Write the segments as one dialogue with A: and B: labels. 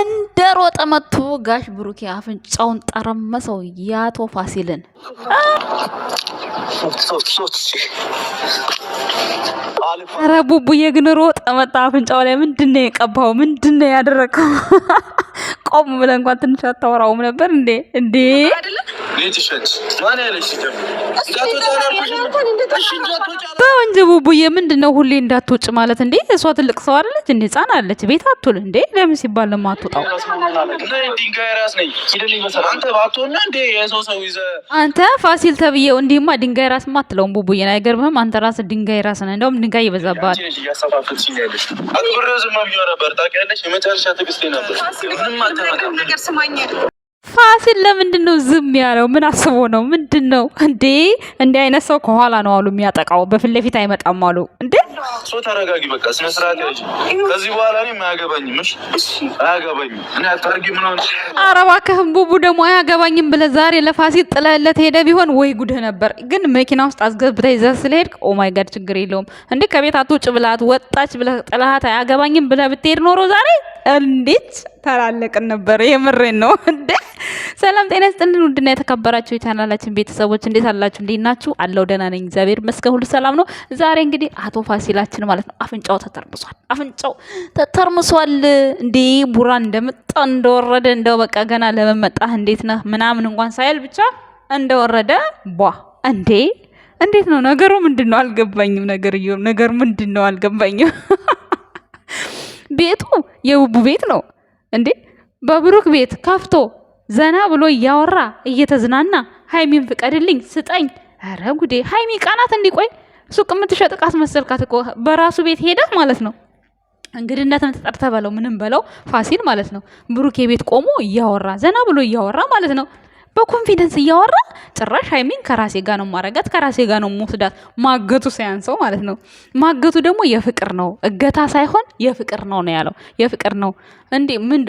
A: እንደ ሮጠ መጥቶ ጋሽ ብሩኬ አፍንጫውን ጠረመሰው ያቶ ፋሲልን ኧረ ቡቡዬ ግን ሮጠ መጣ። አፍንጫው ላይ ምንድን ነው የቀባው? ምንድን ነው ያደረገው? ቆም ብለህ እንኳን ትንሽ አታወራውም ነበር እንዴ? እንዴ በወንጀ ቡቡዬ፣ ምንድን ነው ሁሌ እንዳትወጭ ማለት እንዴ? እሷ ትልቅ ሰው አለች እንዴ? ህጻን አለች፣ ቤት አትውል እንዴ? ለምን ሲባል ለማትወጣው አንተ ፋሲል ተብዬው እንዲህማ ድንጋይ ራስ ማትለውም ቡቡዬን አይገርምህም? አንተ ራስ ድንጋይ ራስ ነህ። እንደውም ድንጋይ ይበዛብሃል። የመጨረሻ ትዕግስቴ ነበር። ፋሲል ለምንድን ነው ዝም ያለው? ምን አስቦ ነው? ምንድን ነው እንዴ? እንዲህ አይነት ሰው ከኋላ ነው አሉ የሚያጠቃው፣ በፊት ለፊት አይመጣም አሉ። እንዴ ሶ ተረጋጊ፣ በቃ ስነ ስርዓት ያዥ። ከዚህ በኋላ እኔም አያገባኝም፣ አያገባኝም። እኔ አታርጊ ምናምን። አረባ ከህንቡቡ ደግሞ አያገባኝም ብለ ዛሬ ለፋሲል ጥለለት ሄደ ቢሆን ወይ ጉድህ ነበር። ግን መኪና ውስጥ አስገብተ ይዘ ስለሄድ ኦማይ ጋድ፣ ችግር የለውም እንዴ። ከቤት አትውጭ ብላት ወጣች ብለ ጥለሃት አያገባኝም ብለ ብትሄድ ኖሮ ዛሬ እንዴት ተላለቅን ነበር። የምሬን ነው እንደ ሰላም ጤና ስጥልን። ውድና የተከበራችሁ የቻናላችን ቤተሰቦች እንዴት አላችሁ? እንዴት ናችሁ? አለው ደህና ነኝ፣ እግዚአብሔር ይመስገን፣ ሁሉ ሰላም ነው። ዛሬ እንግዲህ አቶ ፋሲላችን ማለት ነው አፍንጫው ተተርምሷል፣ አፍንጫው ተተርምሷል። እንዴ ቡራ እንደመጣ እንደወረደ እንደው በቃ ገና ለመመጣህ እንዴት ነህ ምናምን እንኳን ሳይል ብቻ እንደወረደ ቧ እንዴ እንዴት ነው ነገሩ? ምንድን ነው አልገባኝም። ነገር ነገር ምንድን ነው አልገባኝም። ቤቱ የውቡ ቤት ነው እንዴ! በብሩክ ቤት ከፍቶ ዘና ብሎ እያወራ እየተዝናና ሀይሚን ፍቀድልኝ ስጠኝ። ኧረ ጉዴ! ሀይሚ ቃናት እንዲቆይ ሱቅ የምትሸጥ እቃ እኮ በራሱ ቤት ሄደ ማለት ነው። እንግድነትም ተጠርተ በለው ምንም በለው ፋሲል ማለት ነው። ብሩክ የቤት ቆሞ እያወራ ዘና ብሎ እያወራ ማለት ነው። በኮንፊደንስ እያወራ ጭራሽ ሀይሚን ከራሴ ጋር ነው ማረጋት፣ ከራሴ ጋር ነው መውስዳት ማገቱ ሳያንሰው ማለት ነው። ማገቱ ደግሞ የፍቅር ነው፣ እገታ ሳይሆን የፍቅር ነው ነው ያለው። የፍቅር ነው እንዴ! ምን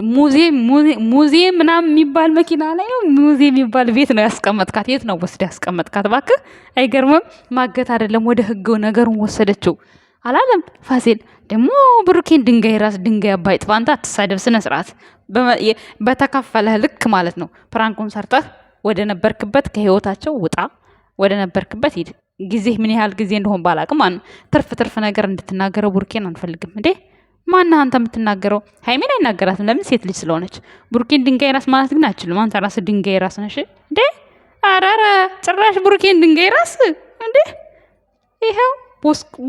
A: ሙዚየም ምናምን የሚባል መኪና ላይ ነው ሙዚየም የሚባል ቤት ነው ያስቀመጥካት? የት ነው ወስደ ያስቀመጥካት? እባክህ አይገርምም? ማገት አይደለም፣ ወደ ህገው ነገሩን ወሰደችው አላለም ፋሲል ደግሞ ብሩኬን ድንጋይ ራስ ድንጋይ አባይ ጥፋንታ ትሳደብ አትሳደብ፣ ስነ ስርዓት በተከፈለህ ልክ ማለት ነው። ፕራንኩን ሰርተህ ወደ ነበርክበት ከህይወታቸው ውጣ፣ ወደ ነበርክበት ሂድ። ጊዜህ ምን ያህል ጊዜ እንደሆን ባላቅም አን ትርፍ ትርፍ ነገር እንድትናገረው ቡርኬን አንፈልግም እንዴ። ማና አንተ የምትናገረው? ሀይሜን አይናገራትም። ለምን? ሴት ልጅ ስለሆነች። ቡርኬን ድንጋይ ራስ ማለት ግን አችልም። አንተ ራስ ድንጋይ ራስ ነሽ እንዴ! አረረ ጭራሽ ቡርኬን ድንጋይ ራስ እንዴ! ይኸው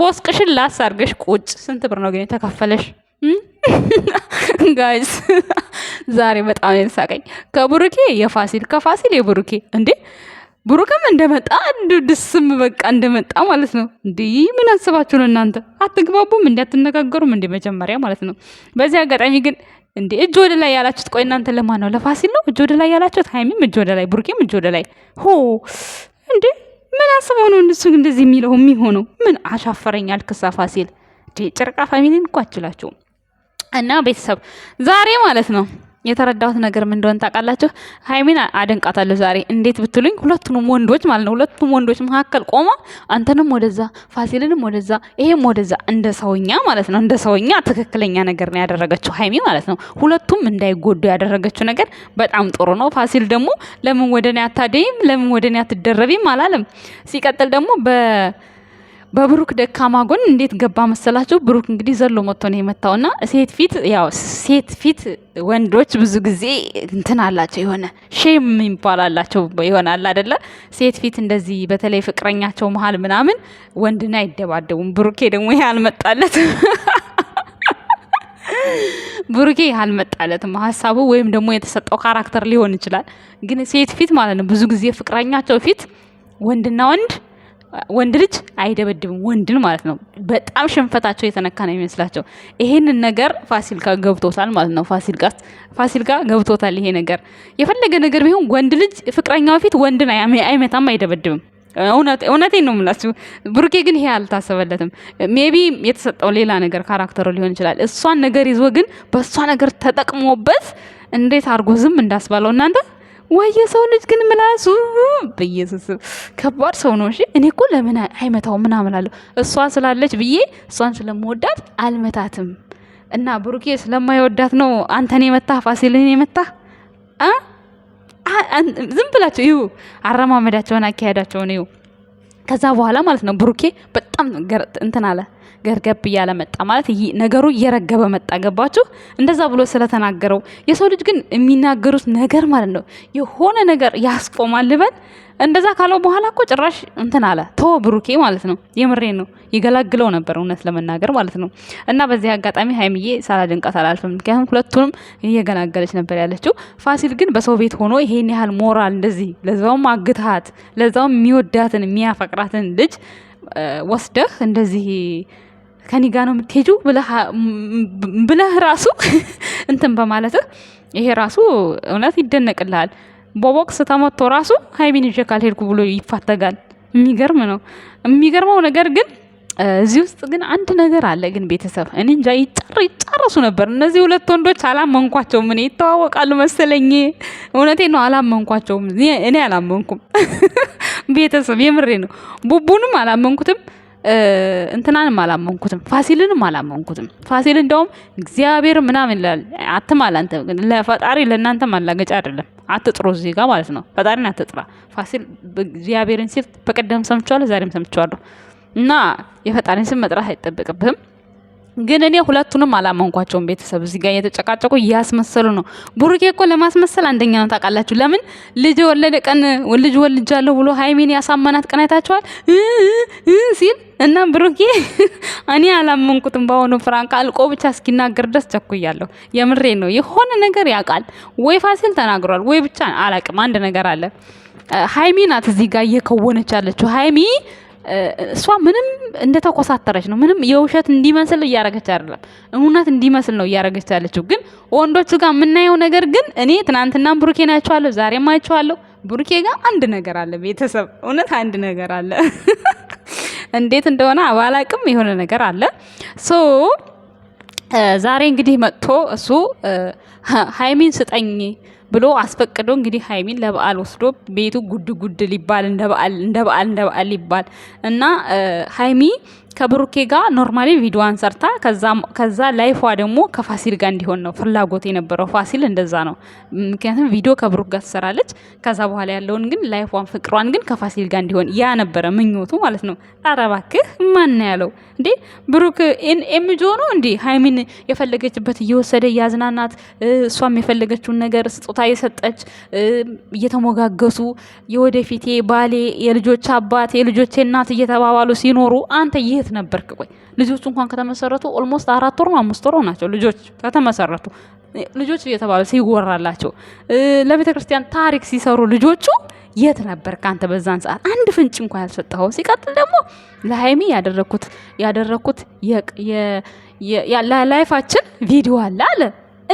A: ቦስቅሽን ላስ አድርገሽ ቁጭ። ስንት ብር ነው ግን የተካፈለሽ? ጋይስ ዛሬ በጣም የተሳቀኝ ከቡሩኬ የፋሲል ከፋሲል የቡሩኬ እንዴ ቡሩክም እንደመጣ ድስም በቃ እንደመጣ ማለት ነው። እንዲህ ምን አስባችሁ ነው እናንተ? አትግባቡም እንዲ አትነጋገሩም እንዲ መጀመሪያ ማለት ነው። በዚህ አጋጣሚ ግን እንዲ እጅ ወደ ላይ ያላችሁት ቆይ እናንተ ለማን ነው? ለፋሲል ነው እጅ ወደ ላይ ያላችሁት? ሀይሚም እጅ ወደ ላይ፣ ቡሩኬም እጅ ወደ ላይ። ሆ እንዴ ምን አስበው ነው እንደሱ እንደዚህ የሚለው የሚሆነው? ምን አሻፈረኝ አልክሳ ፋሲል ጭርቃ ፋሚሊን እኮ አችላችሁም እና ቤተሰብ ዛሬ ማለት ነው የተረዳሁት ነገር ምን እንደሆነ ታውቃላችሁ? ሀይሚን አደንቃታለሁ ዛሬ። እንዴት ብትሉኝ ሁለቱንም ወንዶች ማለት ነው ሁለቱም ወንዶች መካከል ቆማ አንተንም ወደዛ ፋሲልንም ወደዛ ይሄም ወደዛ እንደ ሰውኛ ማለት ነው እንደ ሰውኛ ትክክለኛ ነገር ነው ያደረገችው ሀይሚ ማለት ነው። ሁለቱም እንዳይጎዱ ያደረገችው ነገር በጣም ጥሩ ነው። ፋሲል ደግሞ ለምን ወደ እኔ አታደይም ለምን ወደ እኔ አትደረቢም አላለም። ሲቀጥል ደግሞ በ በብሩክ ደካማ ጎን እንዴት ገባ መሰላችሁ? ብሩክ እንግዲህ ዘሎ መጥቶ ነው የመታውና ሴት ፊት ያው ሴት ፊት ወንዶች ብዙ ጊዜ እንትን አላቸው የሆነ ሼም ይባላላቸው ይሆናል አደለ? ሴት ፊት እንደዚህ በተለይ ፍቅረኛቸው መሀል ምናምን ወንድን አይደባደቡም። ብሩኬ ደግሞ ይሄ አልመጣለት ብሩኬ አልመጣለትም ሀሳቡ ወይም ደግሞ የተሰጠው ካራክተር ሊሆን ይችላል። ግን ሴት ፊት ማለት ነው ብዙ ጊዜ ፍቅረኛቸው ፊት ወንድና ወንድ ወንድ ልጅ አይደበድብም ወንድን ማለት ነው። በጣም ሽንፈታቸው የተነካ ነው የሚመስላቸው። ይሄንን ነገር ፋሲል ጋር ገብቶታል ማለት ነው። ፋሲል ጋር ፋሲል ጋር ገብቶታል ይሄ ነገር። የፈለገ ነገር ቢሆን ወንድ ልጅ ፍቅረኛ በፊት ወንድን አይመታም፣ አይደበድብም። እውነቴን ነው የምላችሁ። ብሩኬ ግን ይሄ አልታሰበለትም። ሜቢ የተሰጠው ሌላ ነገር ካራክተሩ ሊሆን ይችላል። እሷን ነገር ይዞ ግን በእሷ ነገር ተጠቅሞበት እንዴት አድርጎ ዝም እንዳስባለው እናንተ ወይ የሰው ልጅ ግን ምላሱ በኢየሱስ ከባድ ሰው ነው። እሺ እኔ እኮ ለምን አይመታው ምናምን አለሁ እሷ ስላለች ብዬ እሷን ስለምወዳት አልመታትም። እና ብሩኬ ስለማይወዳት ነው አንተን የመታ ፋሲልን የመታ ዝም ብላቸው ይሁ አረማመዳቸውን አካሄዳቸውን ይሁ ከዛ በኋላ ማለት ነው ብሩኬ በጣም እንትን አለ ገርገብ እያለ መጣ ማለት ነገሩ እየረገበ መጣ። ገባችሁ? እንደዛ ብሎ ስለተናገረው የሰው ልጅ ግን የሚናገሩት ነገር ማለት ነው የሆነ ነገር ያስቆማል ልበል። እንደዛ ካለው በኋላ እኮ ጭራሽ እንትን አለ ተወ ብሩኬ ማለት ነው። የምሬ ነው ይገላግለው ነበር እውነት ለመናገር ማለት ነው። እና በዚህ አጋጣሚ ሀይምዬ ሳላደንቃት አላልፍም። ምክንያቱም ሁለቱንም እየገላገለች ነበር ያለችው። ፋሲል ግን በሰው ቤት ሆኖ ይሄን ያህል ሞራል እንደዚህ ለዛውም አግታት ለዛውም የሚወዳትን የሚያፈቅራትን ልጅ ወስደህ እንደዚህ ከኔ ጋ ነው የምትሄጁ ብለህ ራሱ እንትን በማለትህ ይሄ ራሱ እውነት ይደነቅልሃል። በቦክስ ተመቶ ራሱ ሀይሚን ይዤ ካልሄድኩ ብሎ ይፋተጋል። የሚገርም ነው። የሚገርመው ነገር ግን እዚህ ውስጥ ግን አንድ ነገር አለ። ግን ቤተሰብ እኔ እንጃ ይጨርሱ ነበር እነዚህ ሁለት ወንዶች አላመንኳቸውም። እኔ ይተዋወቃሉ መሰለኝ። እውነቴ ነው፣ አላመንኳቸውም። እኔ አላመንኩም። ቤተሰብ የምሬ ነው። ቡቡንም አላመንኩትም፣ እንትናንም አላመንኩትም፣ ፋሲልንም አላመንኩትም። ፋሲል እንደውም እግዚአብሔር ምናምን ይላል። አትማል አንተ ለፈጣሪ ለእናንተ ማላገጫ አይደለም። አትጥሩ እዚህ ጋር ማለት ነው። ፈጣሪን አትጥራ። ፋሲል እግዚአብሔርን ሲል በቀደም ሰምቸዋለሁ፣ ዛሬም ሰምቸዋለሁ። እና የፈጣሪን ስም መጥራት አይጠበቅብህም። ግን እኔ ሁለቱንም አላመንኳቸውም። ቤተሰብ እዚህ ጋር እየተጨቃጨቁ እያስመሰሉ ነው። ቡሩኬ እኮ ለማስመሰል አንደኛ ነው። ታውቃላችሁ ለምን ልጅ የወለደ ቀን ልጅ ወልጃለሁ ብሎ ሀይሚን ያሳመናት ቀን አይታችኋል ሲል እና ብሩኬ እኔ አላመንኩትም። በአሁኑ ፍራንክ አልቆ ብቻ እስኪናገር ደስ ቸኩያለሁ። የምሬ ነው። የሆነ ነገር ያውቃል ወይ ፋሲል ተናግሯል ወይ ብቻ አላቅም። አንድ ነገር አለ። ሀይሚ ናት እዚህ ጋር እየከወነች ያለችው ሀይሚ እሷ ምንም እንደተኮሳተረች ነው። ምንም የውሸት እንዲመስል እያረገች አይደለም፣ እውነት እንዲመስል ነው እያረገች ያለችው። ግን ወንዶቹ ጋር የምናየው ነገር ግን እኔ ትናንትናም ብሩኬን ናቸዋለሁ፣ ዛሬም አይቼዋለሁ። ብሩኬ ጋር አንድ ነገር አለ፣ ቤተሰብ እውነት አንድ ነገር አለ። እንዴት እንደሆነ አባላቅም የሆነ ነገር አለ ሶ ዛሬ እንግዲህ መጥቶ እሱ ሀይሚን ስጠኝ ብሎ አስፈቅዶ እንግዲህ ሀይሚን ለበዓል ወስዶ ቤቱ ጉድ ጉድ ሊባል እንደ በዓል እንደ በዓል እንደ በዓል ሊባል እና ሀይሚ ከብሩኬ ጋር ኖርማሊ ቪዲዮዋን ሰርታ ከዛ ላይፏ ደግሞ ከፋሲል ጋር እንዲሆን ነው ፍላጎት የነበረው። ፋሲል እንደዛ ነው። ምክንያቱም ቪዲዮ ከብሩክ ጋር ትሰራለች። ከዛ በኋላ ያለውን ግን ላይፏን ፍቅሯን ግን ከፋሲል ጋር እንዲሆን ያ ነበረ ምኞቱ ማለት ነው። ኧረ እባክህ ማን ያለው እንዴ? ብሩክ ኤምጆ ነው እንዴ? ሀይሚን የፈለገችበት እየወሰደ እያዝናናት፣ እሷም የፈለገችውን ነገር ስጦታ የሰጠች እየተሞጋገሱ የወደፊቴ ባሌ፣ የልጆች አባት፣ የልጆቼ እናት እየተባባሉ ሲኖሩ አንተ ይህ የት ነበርክ? ቆይ ልጆቹ እንኳን ከተመሰረቱ ኦልሞስት አራት ወር ነው አምስት ወር ናቸው ልጆች ከተመሰረቱ ልጆች እየተባሉ ሲወራላቸው ለቤተ ክርስቲያን ታሪክ ሲሰሩ ልጆቹ የት ነበርክ አንተ በዛን ሰዓት? አንድ ፍንጭ እንኳን ያልሰጠኸው። ሲቀጥል ደግሞ ለሀይሚ ያደረኩት ያደረኩት ላይፋችን ቪዲዮ አለ አለ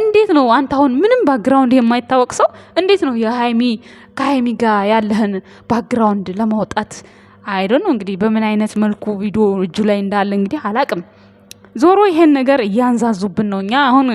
A: እንዴት ነው አንተ አሁን ምንም ባክግራውንድ የማይታወቅ ሰው እንዴት ነው የሀይሚ ከሀይሚ ጋር ያለህን ባክግራውንድ ለማውጣት አይዶ ነው እንግዲህ በምን አይነት መልኩ ቪዲዮ እጁ ላይ እንዳለ እንግዲህ አላቅም። ዞሮ ይሄን ነገር እያንዛዙብን ነው። እኛ አሁን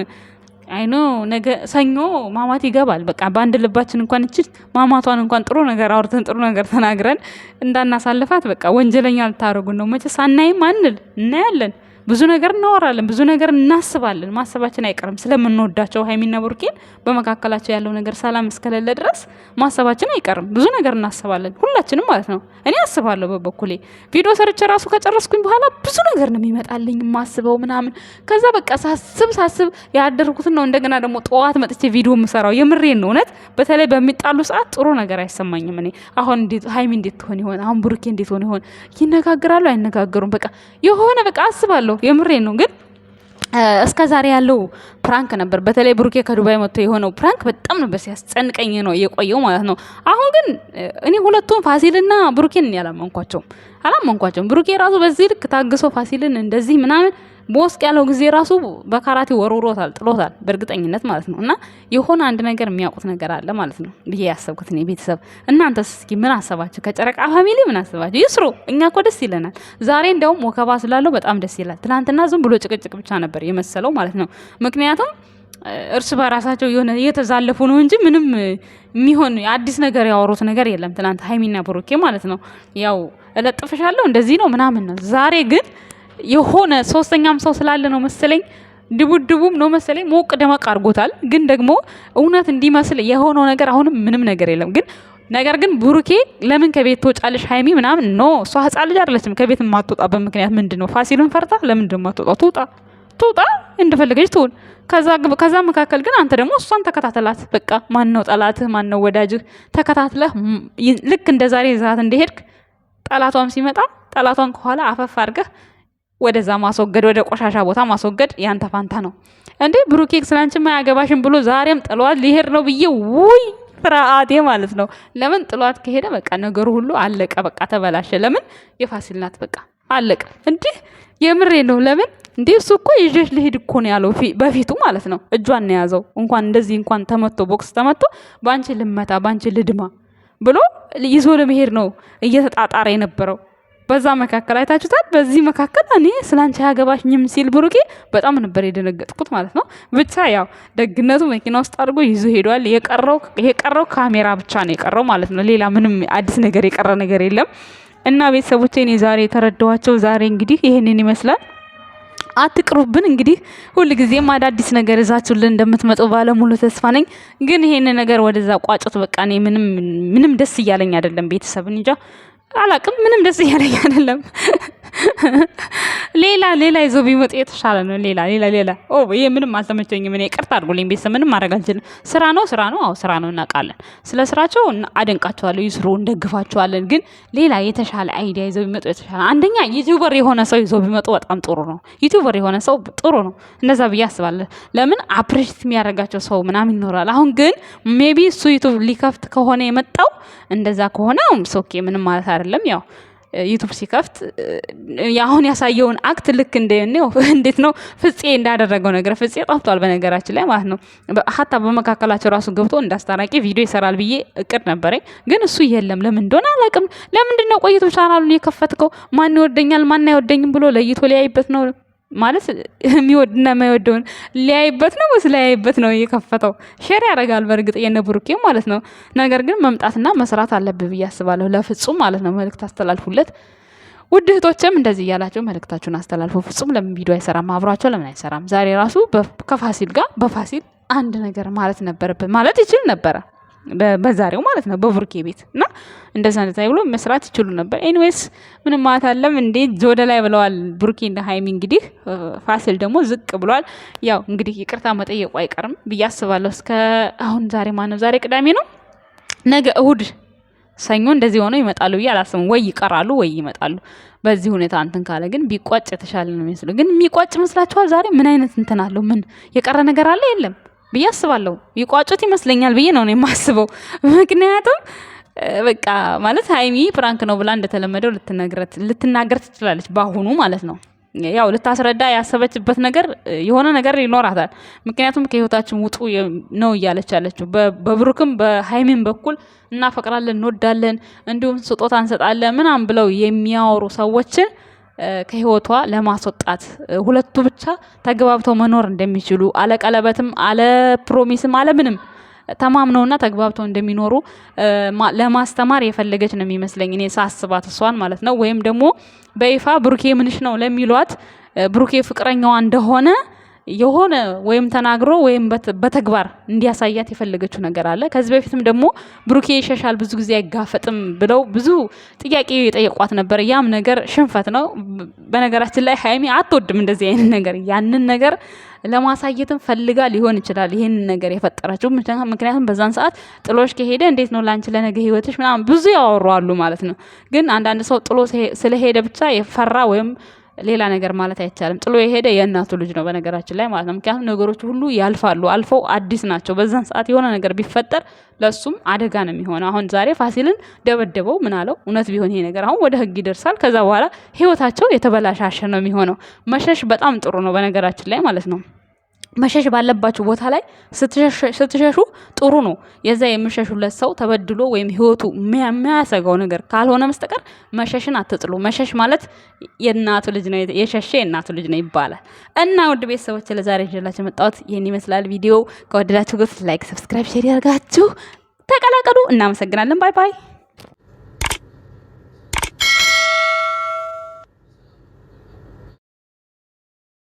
A: አይኖ ነገ ሰኞ ማማት ይገባል። በቃ በአንድ ልባችን እንኳን እችል ማማቷን እንኳን ጥሩ ነገር አውርተን ጥሩ ነገር ተናግረን እንዳናሳልፋት በቃ ወንጀለኛ ልታደርጉን ነው። መቼስ አናይም አንል እናያለን። ብዙ ነገር እናወራለን፣ ብዙ ነገር እናስባለን። ማሰባችን አይቀርም ስለምንወዳቸው ሀይሚና ብሩኬን በመካከላቸው ያለው ነገር ሰላም እስከሌለ ድረስ ማሰባችን አይቀርም። ብዙ ነገር እናስባለን ሁላችንም ማለት ነው። እኔ አስባለሁ በበኩሌ ቪዲዮ ሰርቼ ራሱ ከጨረስኩኝ በኋላ ብዙ ነገር ነው የሚመጣልኝ ማስበው ምናምን። ከዛ በቃ ሳስብ ሳስብ ያደርኩትን ነው እንደገና ደግሞ ጠዋት መጥቼ ቪዲዮ የምሰራው። የምሬን ነው እውነት። በተለይ በሚጣሉ ሰዓት ጥሩ ነገር አይሰማኝም። እኔ አሁን ሀይሚ እንዴት ትሆን ይሆን፣ አሁን ብሩኬ እንዴት ሆን ይሆን፣ ይነጋግራሉ አይነጋገሩም፣ በቃ የሆነ በቃ አስባለሁ አለው። የምሬ ነው ግን እስከ ዛሬ ያለው ፕራንክ ነበር። በተለይ ብሩኬ ከዱባይ መጥቶ የሆነው ፕራንክ በጣም ነበር ሲያስጨንቀኝ ነው የቆየው ማለት ነው። አሁን ግን እኔ ሁለቱም ፋሲልና ብሩኬን ያላመንኳቸውም አላመንኳቸውም። ብሩኬ ራሱ በዚህ ልክ ታግሶ ፋሲልን እንደዚህ ምናምን ቦስቅ ያለው ጊዜ ራሱ በካራቴ ወርውሮታል፣ ጥሎታል፣ በእርግጠኝነት ማለት ነው። እና የሆነ አንድ ነገር የሚያውቁት ነገር አለ ማለት ነው ብዬ ያሰብኩት እኔ። ቤተሰብ እናንተ እስኪ ምን አሰባችሁ? ከጨረቃ ፋሚሊ ምን አሰባችሁ? ይስሩ። እኛ ኮ ደስ ይለናል። ዛሬ እንዲያውም ወከባ ስላለው በጣም ደስ ይላል። ትናንትና ዝም ብሎ ጭቅጭቅ ብቻ ነበር የመሰለው ማለት ነው። ምክንያቱም እርስ በራሳቸው የሆነ እየተዛለፉ ነው እንጂ ምንም የሚሆን አዲስ ነገር ያወሩት ነገር የለም። ትናንት ሀይሚና ብሩኬ ማለት ነው ያው እለጥፍሻለሁ እንደዚህ ነው ምናምን ነው። ዛሬ ግን የሆነ ሶስተኛም ሰው ስላለ ነው መሰለኝ ድቡድቡም ነው መሰለኝ ሞቅ ደመቅ አድርጎታል። ግን ደግሞ እውነት እንዲመስል የሆነው ነገር አሁንም ምንም ነገር የለም ግን ነገር ግን ብሩኬ ለምን ከቤት ትወጫለሽ ሀይሚ ምናምን ኖ እሷ ህፃን ልጅ አይደለችም። ከቤት የማትወጣበት ምክንያት ምንድን ነው? ፋሲሉን ፈርታ ለምንድን ነው የማትወጣው? ትውጣ ትውጣ እንደፈለገች ትሁን። ከዛ መካከል ግን አንተ ደግሞ እሷን ተከታተላት። በቃ ማነው ጠላትህ? ማነው ወዳጅህ? ተከታትለህ ልክ እንደ ዛሬ ዛት እንደሄድክ ጠላቷም ሲመጣ ጠላቷን ከኋላ አፈፍ አድርገህ ወደዛ ማስወገድ፣ ወደ ቆሻሻ ቦታ ማስወገድ ያንተ ፋንታ ነው። እንዴ ብሩኬክ ስላንቺማ አያገባሽም ብሎ ዛሬም ጥሏት ሊሄድ ነው ብዬ ውይ ፍርሃቴ ማለት ነው። ለምን ጥሏት ከሄደ በቃ ነገሩ ሁሉ አለቀ፣ በቃ ተበላሸ። ለምን የፋሲል ናት፣ በቃ አለቀ። እንዴ የምሬ ነው። ለምን እንዴ እሱ እኮ ይዤሽ ልሂድ እኮ ነው ያለው በፊቱ ማለት ነው። እጇን ነው የያዘው። እንኳን እንደዚህ እንኳን ተመቶ ቦክስ ተመቶ በአንቺ ልመታ፣ በአንቺ ልድማ ብሎ ይዞ ለመሄድ ነው እየተጣጣረ የነበረው። በዛ መካከል አይታችሁታል። በዚህ መካከል እኔ አንቺ አያገባሽኝም ሲል ብሩኬ በጣም ነበር የደነገጥኩት ማለት ነው። ብቻ ያው ደግነቱ መኪና ውስጥ አድርጎ ይዞ ሄዷል። የቀረው ካሜራ ብቻ ነው የቀረው ማለት ነው። ሌላ ምንም አዲስ ነገር የቀረ ነገር የለም። እና ቤተሰቦቼን ዛሬ የተረዳኋቸው ዛሬ እንግዲህ ይህንን ይመስላል። አትቅሩብን እንግዲህ ጊዜም አዳዲስ ነገር እዛችሁልን እንደምትመጡ ባለሙሉ ተስፋ ነኝ። ግን ይሄን ነገር ወደዛ ቋጮት በቃ እኔ ምንም ምንም ደስ እያለኝ አይደለም። ቤተሰብን እንጃ አላቅም ምንም ደስ እያለኝ አይደለም። ሌላ ሌላ ይዞ ቢመጡ የተሻለ ነው። ሌላ ሌላ ሌላ ይሄ ምንም አልተመቸኝም። እኔ ይቅርታ አድርጉልኝ ቤተሰብ፣ ምንም ማድረግ አልችልም። ስራ ነው ስራ ነው። አዎ ስራ ነው፣ እናውቃለን። ስለ ስራቸው አደንቃቸዋለሁ፣ ይስሩ፣ እንደግፋቸዋለን። ግን ሌላ የተሻለ አይዲያ ይዘው ቢመጡ የተሻለ አንደኛ ዩቲዩበር የሆነ ሰው ይዞ ቢመጡ በጣም ጥሩ ነው። ዩቲዩበር የሆነ ሰው ጥሩ ነው፣ እንደዛ ብዬ አስባለሁ። ለምን አፕሬሽት የሚያደርጋቸው ሰው ምናምን ይኖራል። አሁን ግን ሜቢ እሱ ዩቱብ ሊከፍት ከሆነ የመጣው እንደዛ ከሆነ ሶኬ ምንም ማለት አይደለም ያው ዩቱብ ሲከፍት አሁን ያሳየውን አክት ልክ እንደኔው እንዴት ነው ፍፄ እንዳደረገው ነገር ፍጼ ጠፍቷል፣ በነገራችን ላይ ማለት ነው። ሀታ በመካከላቸው ራሱ ገብቶ እንዳስታራቂ ቪዲዮ ይሰራል ብዬ እቅድ ነበረኝ፣ ግን እሱ የለም። ለምን እንደሆነ አላቅም። ለምንድን ነው ቆይቶ ቻናሉን የከፈትከው? ማን ይወደኛል ማን አይወደኝም ብሎ ለይቶ ሊያይበት ነው ማለት የሚወድና የማይወደውን ሊያይበት ነው ወይስ ሊያይበት ነው የከፈተው? ሼር ያደርጋል በእርግጥ የነ ብሩኬ ማለት ነው። ነገር ግን መምጣትና መስራት አለብህ ብዬ አስባለሁ። ለፍጹም ማለት ነው መልእክት አስተላልፉለት። ውድ እህቶችም እንደዚህ እያላቸው መልእክታችሁን አስተላልፎ ፍጹም ለምን ቪዲዮ አይሰራም? አብሯቸው ለምን አይሰራም? ዛሬ ራሱ ከፋሲል ጋር በፋሲል አንድ ነገር ማለት ነበረብን ማለት ይችል ነበረ። በዛሬው ማለት ነው በቡርኬ ቤት እና እንደዛ እንደዛ ብሎ መስራት ይችሉ ነበር። ኤኒዌይስ ምንም ማለት አለም እንዴ ወደ ላይ ብለዋል ቡርኬ እንደ ሀይሚ እንግዲህ ፋሲል ደግሞ ዝቅ ብሏል። ያው እንግዲህ ይቅርታ መጠየቁ አይቀርም ብዬ አስባለሁ። እስከ አሁን ዛሬ ማነው ዛሬ ቅዳሜ ነው፣ ነገ እሁድ፣ ሰኞ እንደዚህ ሆነው ይመጣሉ ብዬ አላስብም። ወይ ይቀራሉ ወይ ይመጣሉ። በዚህ ሁኔታ እንትን ካለ ግን ቢቋጭ የተሻለ ነው የሚመስለው። ግን የሚቋጭ ይመስላችኋል ዛሬ ምን አይነት እንትን አለው? ምን የቀረ ነገር አለ? የለም ብዬ አስባለሁ። ይቋጩት ይመስለኛል ብዬ ነው የማስበው። ምክንያቱም በቃ ማለት ሀይሚ ፕራንክ ነው ብላ እንደተለመደው ልትናገር ትችላለች፣ በአሁኑ ማለት ነው። ያው ልታስረዳ ያሰበችበት ነገር የሆነ ነገር ይኖራታል። ምክንያቱም ከህይወታችን ውጡ ነው እያለች ያለችው በብሩክም በሀይሚም በኩል እናፈቅራለን፣ እንወዳለን፣ እንዲሁም ስጦታ እንሰጣለን ምናምን ብለው የሚያወሩ ሰዎችን ከህይወቷ ለማስወጣት ሁለቱ ብቻ ተግባብተው መኖር እንደሚችሉ አለ ቀለበትም አለ ፕሮሚስም አለ ምንም ተማምነውና ተግባብተው እንደሚኖሩ ለማስተማር የፈለገች ነው የሚመስለኝ እኔ ሳስባት እሷን ማለት ነው። ወይም ደግሞ በይፋ ብሩኬ ምንሽ ነው ለሚሏት ብሩኬ ፍቅረኛዋ እንደሆነ የሆነ ወይም ተናግሮ ወይም በተግባር እንዲያሳያት የፈለገችው ነገር አለ። ከዚህ በፊትም ደግሞ ብሩኬ ይሸሻል፣ ብዙ ጊዜ አይጋፈጥም ብለው ብዙ ጥያቄ የጠየቋት ነበር። ያም ነገር ሽንፈት ነው። በነገራችን ላይ ሀይሚ አትወድም እንደዚህ አይነት ነገር። ያንን ነገር ለማሳየትም ፈልጋ ሊሆን ይችላል ይህንን ነገር የፈጠረችው። ምክንያቱም በዛን ሰዓት ጥሎሽ ከሄደ እንዴት ነው ለአንቺ ለነገ ህይወትሽ ምናምን ብዙ ያወራሉ ማለት ነው። ግን አንዳንድ ሰው ጥሎ ስለሄደ ብቻ የፈራ ወይም ሌላ ነገር ማለት አይቻልም። ጥሎ የሄደ የእናቱ ልጅ ነው በነገራችን ላይ ማለት ነው። ምክንያቱም ነገሮች ሁሉ ያልፋሉ፣ አልፈው አዲስ ናቸው። በዛን ሰዓት የሆነ ነገር ቢፈጠር ለሱም አደጋ ነው የሚሆነው። አሁን ዛሬ ፋሲልን ደበደበው ምናለው እውነት ቢሆን ይሄ ነገር አሁን ወደ ህግ ይደርሳል። ከዛ በኋላ ህይወታቸው የተበላሻሸ ነው የሚሆነው። መሸሽ በጣም ጥሩ ነው በነገራችን ላይ ማለት ነው። መሸሽ ባለባችሁ ቦታ ላይ ስትሸሹ ጥሩ ነው። የዛ የምሸሹለት ሰው ተበድሎ ወይም ህይወቱ የሚያሰጋው ነገር ካልሆነ መስጠቀር መሸሽን አትጥሉ። መሸሽ ማለት የእናቱ ልጅ ነው፣ የሸሸ የእናቱ ልጅ ነው ይባላል። እና ውድ ቤተሰቦች ለዛሬ ይዤላችሁ የመጣሁት ይህን ይመስላል። ቪዲዮ ከወደዳችሁ ላይክ፣ ሰብስክራይብ፣ ሼር ያደርጋችሁ ተቀላቀሉ። እናመሰግናለን። ባይ ባይ